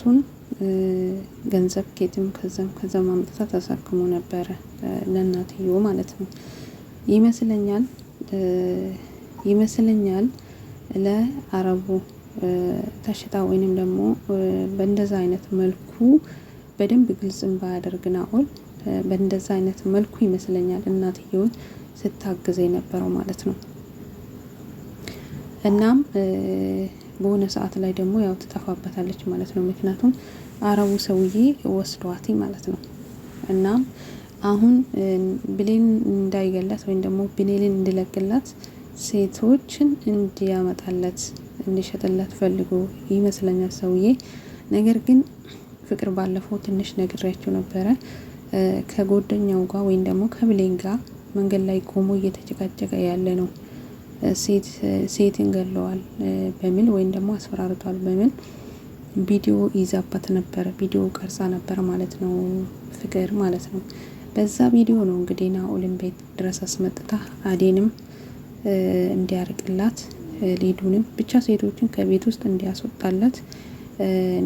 ቱን ገንዘብ ኬትም ከዛም ከዛም አምጥታ ተሳክሞ ነበረ ለእናትዮ ማለት ነው ይመስለኛል ይመስለኛል ለአረቡ ተሽጣ ወይንም ደግሞ በእንደዛ አይነት መልኩ በደንብ ግልጽም ባያደርግ ናኦል በእንደዛ አይነት መልኩ ይመስለኛል እናትየውን ስታግዘ የነበረው ማለት ነው። እናም በሆነ ሰዓት ላይ ደግሞ ያው ትጠፋበታለች ማለት ነው። ምክንያቱም አረቡ ሰውዬ ወስዷት ማለት ነው። እናም አሁን ብሌን እንዳይገላት ወይም ደግሞ ብሌንን እንዲለቅላት ሴቶችን እንዲያመጣለት እንዲሸጥላት ፈልጎ ይመስለኛል ሰውዬ። ነገር ግን ፍቅር ባለፈው ትንሽ ነግሬያቸው ነበረ ከጎደኛው ጋር ወይም ደግሞ ከብሌን ጋር መንገድ ላይ ቆሞ እየተጨቃጨቀ ያለ ነው ሴትን ገለዋል በሚል ወይም ደግሞ አስፈራርቷል በሚል ቪዲዮ ይዛባት ነበረ። ቪዲዮ ቀርጻ ነበር ማለት ነው፣ ፍቅር ማለት ነው። በዛ ቪዲዮ ነው እንግዲህ ናኦልን ቤት ድረስ አስመጥታ አዴንም እንዲያርቅላት ሊዱንም ብቻ ሴቶችን ከቤት ውስጥ እንዲያስወጣላት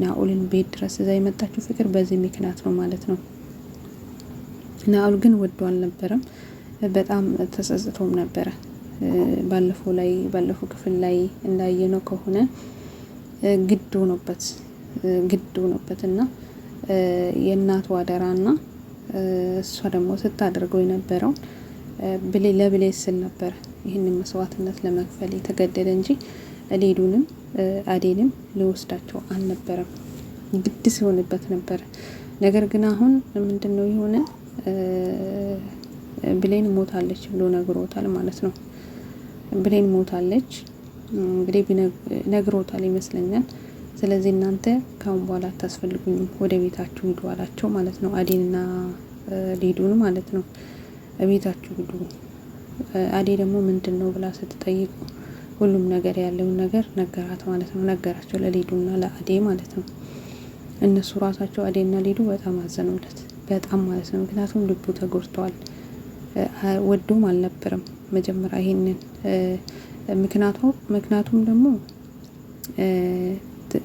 ናኦልን ቤት ድረስ እዛ የመጣችው ፍቅር በዚህ ምክንያት ነው ማለት ነው። ናኦል ግን ወዶ አልነበረም፣ በጣም ተጸጽቶም ነበረ። ባለፈው ላይ ባለፈው ክፍል ላይ እንዳየነው ከሆነ ግድ ሆኖበት ግድ ሆኖበት እና የእናቱ አደራ እና እሷ ደግሞ ስታደርገው የነበረውን ብሌ ለብሌ ስል ነበር ይህንን መስዋዕትነት ለመክፈል የተገደደ እንጂ ሌዱንም አዴንም ሊወስዳቸው አልነበረም። ግድ ሲሆንበት ነበር ነገር ግን አሁን ምንድን ነው የሆነ ብሌን ሞታለች ብሎ ነግሮታል ማለት ነው። ብሌን ሞታለች። እንግዲህ ነግሮታል ይመስለኛል። ስለዚህ እናንተ ካሁን በኋላ አታስፈልጉኝም፣ ወደ ቤታችሁ ሂዱ አላቸው ማለት ነው። አዴንና ሊዱን ማለት ነው። ቤታችሁ ሂዱ። አዴ ደግሞ ምንድን ነው ብላ ስትጠይቁ ሁሉም ነገር ያለውን ነገር ነገራት ማለት ነው። ነገራቸው ለሊዱና ለአዴ ማለት ነው። እነሱ ራሳቸው አዴና ሊዱ በጣም አዘኑለት፣ በጣም ማለት ነው። ምክንያቱም ልቡ ተጎድተዋል። ወዶም አልነበረም መጀመሪያ ይሄንን ምክንያቱ ምክንያቱም ደግሞ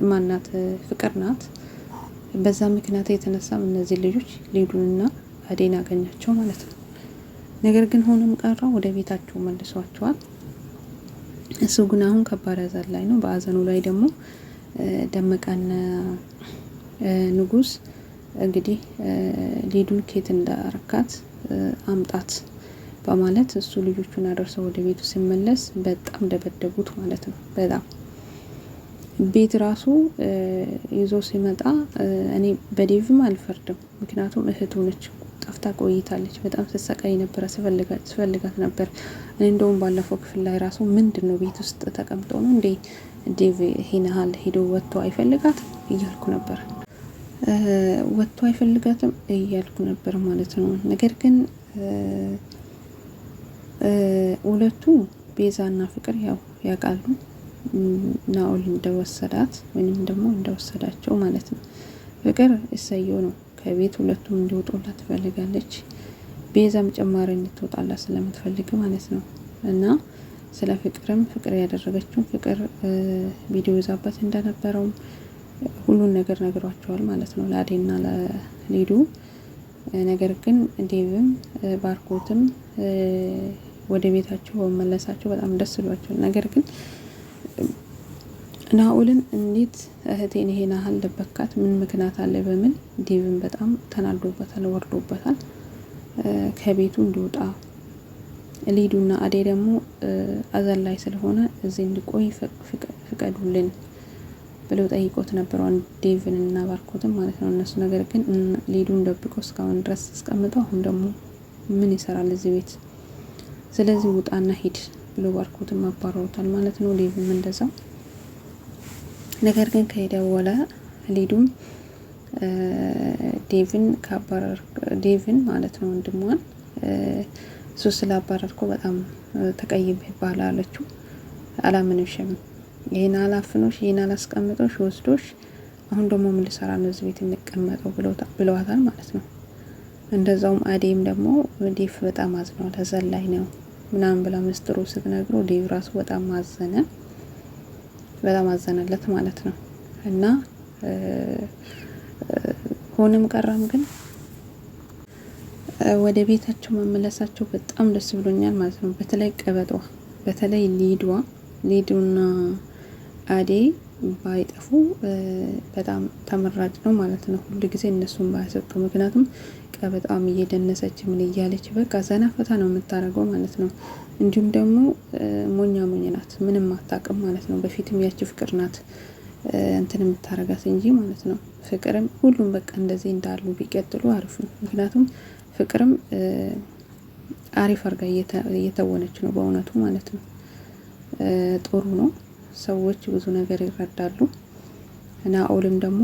ማናት ፍቅር ናት። በዛ ምክንያት የተነሳም እነዚህ ልጆች ሊዱንና አዴን አገኛቸው ማለት ነው። ነገር ግን ሆኖም ቀረው ወደ ቤታቸው መልሷቸዋል። እሱ ግን አሁን ከባድ ሐዘን ላይ ነው። በሐዘኑ ላይ ደግሞ ደመቀና ንጉስ እንግዲህ ሊዱን ኬት እንዳረካት አምጣት በማለት እሱ ልጆቹን አደርሰው ወደ ቤቱ ሲመለስ በጣም ደበደቡት ማለት ነው። በጣም ቤት ራሱ ይዞ ሲመጣ እኔ በዴቭም አልፈርድም። ምክንያቱም እህቱ ነች፣ ጠፍታ ቆይታለች። በጣም ስትሰቃይ ነበረ፣ ስፈልጋት ነበር። እኔ እንደውም ባለፈው ክፍል ላይ ራሱ ምንድን ነው ቤት ውስጥ ተቀምጦ ነው እንዴ ዴቭ ሄነሃል ሄዶ ወጥቶ አይፈልጋት እያልኩ ነበር። ወጥቶ አይፈልጋትም እያልኩ ነበር ማለት ነው። ነገር ግን ሁለቱ ቤዛና ፍቅር ያው ያውቃሉ ናኦል እንደወሰዳት ወይም ደግሞ እንደወሰዳቸው ማለት ነው። ፍቅር እሰየው ነው ከቤት ሁለቱም እንዲወጡላት ትፈልጋለች። ቤዛም ጭማሪ እንድትወጣላት ስለምትፈልግ ማለት ነው እና ስለ ፍቅርም ፍቅር ያደረገችው ፍቅር ቪዲዮ ይዛበት እንደነበረውም ሁሉን ነገር ነግሯቸዋል ማለት ነው ለአዴና ለሊዱ። ነገር ግን ዴብም ባርኮትም ወደ ቤታቸው በመመለሳቸው በጣም ደስ ብሏቸዋል። ነገር ግን ናኡልን እንዴት እህቴን ይሄን ያህል ደበካት? ምን ምክንያት አለ? በምን ዴብን በጣም ተናዶበታል፣ ወርዶበታል። ከቤቱ እንዲወጣ ሊዱና አዴ ደግሞ አዘን ላይ ስለሆነ እዚህ እንዲቆይ ፍቀዱልን ብለው ጠይቆት ነበሩ ዴቭን እና ባርኮትን ማለት ነው። እነሱ ነገር ግን ሊዱን ደብቆ እስካሁን ድረስ አስቀምጠው አሁን ደግሞ ምን ይሰራል እዚህ ቤት? ስለዚህ ውጣና ሂድ ብሎ ባርኮትን አባረሩታል ማለት ነው። ዴቭም እንደዛው ነገር ግን ከሄደ በኋላ ሊዱም ዴቭን ካባረር ዴቭን ማለት ነው ወንድሟን እሱ ስላባረርኩ በጣም ተቀይሜ አለችው። አላምንሽም ይህን አላፍኖሽ፣ ይህን አላስቀምጦሽ፣ ወስዶሽ አሁን ደግሞ ምን ልሰራ ነው እዚህ ቤት እንቀመጠው ብለዋታል ማለት ነው። እንደዛውም አዴም ደግሞ ዴፍ በጣም አዝነው ሐዘን ነው ምናምን ብላ ምስጥሩ ስትነግረው ዴቭ ራሱ በጣም አዘነ፣ በጣም አዘነለት ማለት ነው። እና ሆነም ቀረም ግን ወደ ቤታቸው መመለሳቸው በጣም ደስ ብሎኛል ማለት ነው። በተለይ ቀበጧ፣ በተለይ ሊድዋ ሊዱና አዴ ባይጠፉ በጣም ተመራጭ ነው ማለት ነው። ሁሉ ጊዜ እነሱን ባያሰጡ፣ ምክንያቱም ቀበጣም እየደነሰች ምን እያለች በቃ ዘና ፈታ ነው የምታደርገው ማለት ነው። እንዲሁም ደግሞ ሞኛ ሞኝ ናት፣ ምንም አታውቅም ማለት ነው። በፊትም ያቺ ፍቅር ናት እንትን የምታረጋት እንጂ ማለት ነው። ፍቅርም ሁሉም በቃ እንደዚህ እንዳሉ ቢቀጥሉ አሪፍ ነው። ምክንያቱም ፍቅርም አሪፍ አርጋ እየተወነች ነው በእውነቱ ማለት ነው። ጥሩ ነው። ሰዎች ብዙ ነገር ይረዳሉ። ናኦልም ደግሞ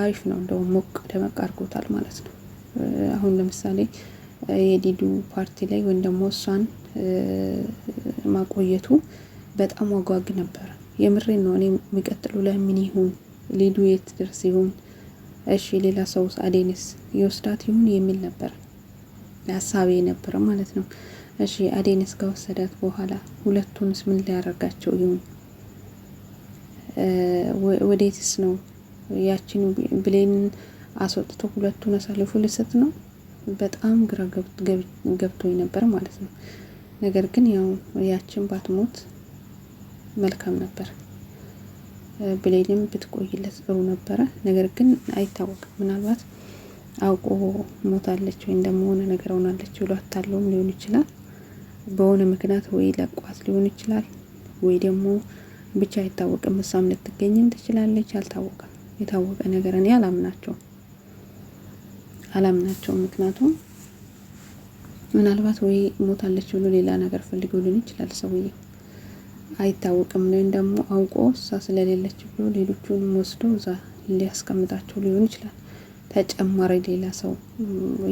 አሪፍ ነው፣ እንደውም ሞቅ ደመቅ አድርጎታል ማለት ነው። አሁን ለምሳሌ የዲዱ ፓርቲ ላይ ወይም ደግሞ እሷን ማቆየቱ በጣም ዋጓግ ነበረ። የምሬ ነው። እኔ የሚቀጥሉ ላይ ምን ይሁን ሊዱ የት ደርስ ይሁን እሺ፣ ሌላ ሰው አዴንስ የወስዳት ይሁን የሚል ነበር ሀሳቤ ነበረ ማለት ነው። እሺ አዴንስ ከወሰዳት በኋላ ሁለቱንስ ምን ሊያደርጋቸው ይሁን? ወዴትስ ነው ያችን ብሌን አስወጥቶ ሁለቱን አሳልፎ ሊሰጥ ነው? በጣም ግራ ገብቶኝ ነበር ማለት ነው። ነገር ግን ያው ያችን ባትሞት መልካም ነበር። ብሌንም ብትቆይለት ጥሩ ነበረ። ነገር ግን አይታወቅም፣ ምናልባት አውቆ ሞታለች ወይም ደግሞ ሆነ ነገር ሆናለች ብሎ አታለውም ሊሆን ይችላል። በሆነ ምክንያት ወይ ለቋት ሊሆን ይችላል ወይ ደግሞ ብቻ አይታወቅም። እሷም ልትገኝም ትችላለች፣ አልታወቀም። የታወቀ ነገር እኔ አላምናቸው አላምናቸው። ምክንያቱም ምናልባት ወይ ሞታለች ብሎ ሌላ ነገር ፈልጎ ሊሆን ይችላል ሰውዬ፣ አይታወቅም። ወይም ደግሞ አውቆ እሷ ስለሌለች ብሎ ሌሎቹን ወስዶ እዛ ሊያስቀምጣቸው ሊሆን ይችላል። ተጨማሪ ሌላ ሰው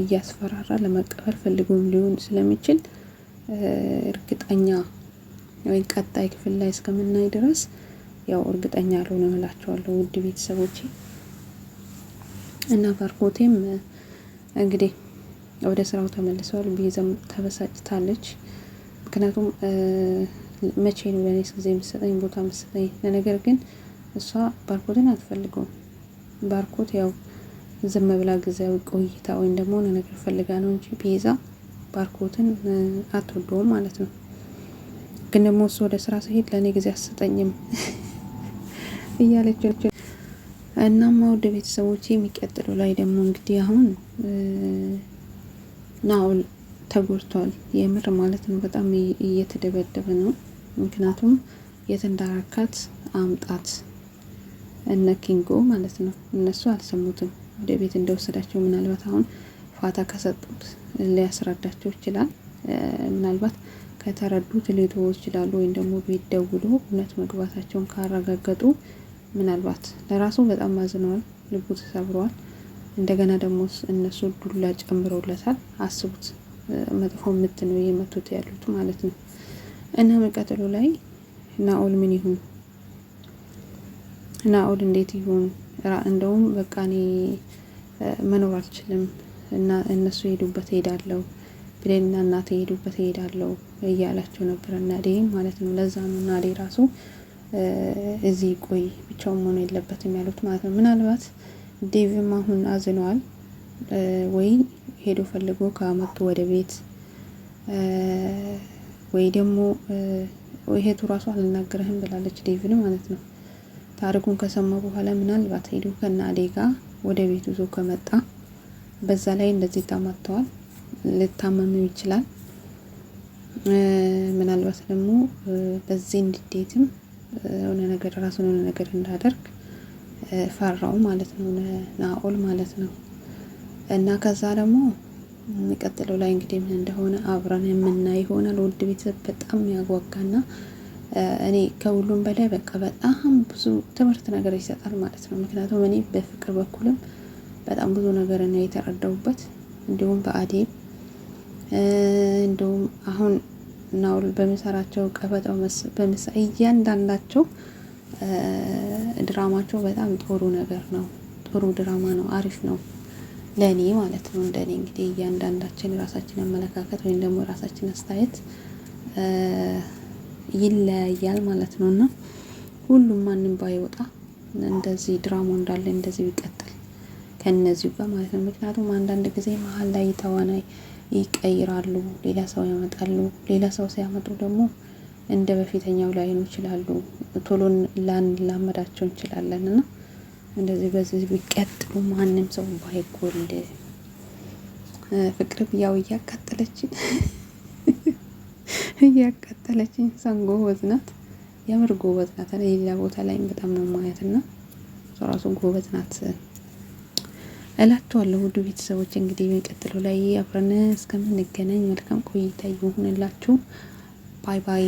እያስፈራራ ለመቀበር ፈልጎም ሊሆን ስለሚችል እርግጠኛ ወይ ቀጣይ ክፍል ላይ እስከምናይ ድረስ ያው እርግጠኛ አልሆነም እላቸዋለሁ ውድ ቤተሰቦቼ እና ባርኮቴም እንግዲህ ወደ ስራው ተመልሰዋል። ቤዛም ተበሳጭታለች። ምክንያቱም መቼ ነው ለእኔስ ጊዜ የምሰጠኝ ቦታ የምሰጠኝ? ለነገር ግን እሷ ባርኮትን አትፈልገውም። ባርኮት ያው ዝም ብላ ጊዜያዊ ቆይታ ወይም ደግሞ ነገር ፈልጋ ነው እንጂ ቤዛ ባርኮትን አትወደውም ማለት ነው። ግን ደግሞ እሱ ወደ ስራ ሲሄድ ለእኔ ጊዜ አሰጠኝም እያለች እናማ ውድ ቤተሰቦች የሚቀጥለው ላይ ደግሞ እንግዲህ አሁን ናኦል ተጎድቷል። የምር ማለት ነው። በጣም እየተደበደበ ነው። ምክንያቱም የት እንዳረካት አምጣት እነ ኪንጎ ማለት ነው። እነሱ አልሰሙትም። ወደ ቤት እንደወሰዳቸው ምናልባት አሁን ፋታ ከሰጡት ሊያስረዳቸው ይችላል። ምናልባት ከተረዱት ሊተው ይችላሉ። ወይም ደግሞ ቤት ደውሎ እውነት መግባታቸውን ካረጋገጡ ምናልባት ለራሱ በጣም አዝነዋል፣ ልቡ ተሰብረዋል። እንደገና ደግሞ እነሱ ዱላ ጨምረውለታል። አስቡት፣ መጥፎ ምት ነው እየመቱት ያሉት ማለት ነው። እና መቀጠሉ ላይ ናኦል ምን ይሁን ናኦል እንዴት ይሁን እንደውም በቃ እኔ መኖር አልችልም እና እነሱ ሄዱበት ሄዳለሁ ብሌንና እናቴ ሄዱበት ሄዳለው እያላቸው ነበር ናዴም ማለት ነው። ለዛ ነው ናዴ ራሱ እዚህ ቆይ ብቻውን መሆን የለበትም ያሉት ማለት ነው። ምናልባት ዴቪም አሁን አዝነዋል ወይ ሄዶ ፈልጎ ከመጡ ወደ ቤት ወይ ደግሞ ይሄቱ ራሱ አልናገረህም ብላለች ዴቪን ማለት ነው። ታሪኩን ከሰማ በኋላ ምናልባት ሄዶ ከናዴ ጋር ወደ ቤቱ ይዞ ከመጣ በዛ ላይ እንደዚህ ታማተዋል ልታመመው ይችላል። ምናልባት ደግሞ በዚህ እንድዴትም የሆነ ነገር ራሱን የሆነ ነገር እንዳደርግ ፈራው ማለት ነው፣ ናኦል ማለት ነው። እና ከዛ ደግሞ የሚቀጥለው ላይ እንግዲህ ምን እንደሆነ አብረን የምናይ ይሆናል። ውድ ቤተሰብ በጣም ያጓጓና እኔ ከሁሉም በላይ በቃ በጣም ብዙ ትምህርት ነገር ይሰጣል ማለት ነው። ምክንያቱም እኔ በፍቅር በኩልም በጣም ብዙ ነገር ነው የተረዳውበት እንዲሁም በአዴም እንዲሁም አሁን ናውል በሚሰራቸው ቀበጦ እያንዳንዳቸው ድራማቸው በጣም ጥሩ ነገር ነው። ጥሩ ድራማ ነው። አሪፍ ነው። ለእኔ ማለት ነው። እንደኔ እንግዲህ እያንዳንዳችን የራሳችን አመለካከት ወይም ደግሞ የራሳችን አስተያየት ይለያያል ማለት ነው እና ሁሉም ማንም ባይወጣ እንደዚህ ድራማው እንዳለ እንደዚህ ይቀጥል ከእነዚሁ ጋር ማለት ነው። ምክንያቱም አንዳንድ ጊዜ መሀል ላይ ተዋናይ ይቀይራሉ፣ ሌላ ሰው ያመጣሉ። ሌላ ሰው ሲያመጡ ደግሞ እንደ በፊተኛው ላይኑ ይችላሉ። ቶሎ ላንላመዳቸው እንችላለን እና እንደዚህ በዚህ ቢቀጥሉ ማንም ሰው ባይጎል። ፍቅርም ያው እያቃጠለችኝ እያቃጠለችኝ እንሳን ጎበዝ ናት፣ የምር ጎበዝ ናት። ሌላ ቦታ ላይም በጣም ነው ማየት እና እሷ ራሱ ጎበዝ ናት። እላችኋለሁ ውድ ቤተሰቦች። እንግዲህ የሚቀጥለው ላይ አብረን እስከምንገናኝ መልካም ቆይታ ይሁንላችሁ። ባይ ባይ።